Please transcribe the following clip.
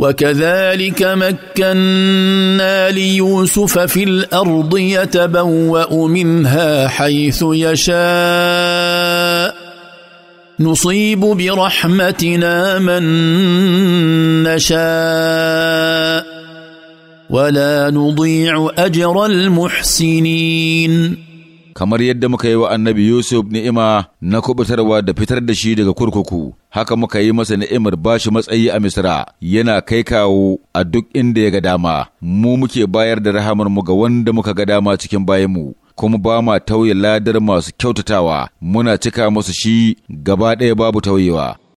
وكذلك مكنا ليوسف في الارض يتبوا منها حيث يشاء نصيب برحمتنا من نشاء ولا نضيع اجر المحسنين kamar yadda muka yi wa annabi Yusuf ni'ima na kubutarwa da fitar da shi daga kurkuku, haka muka yi masa ni'imar bashi matsayi a Misra, yana kai kawo a duk inda ya ga dama, mu muke bayar da rahamar mu ga wanda muka ga dama cikin bayanmu. kuma ba ma tauye ladar masu kyautatawa muna cika musu shi gaba ɗaya babu tauyewa.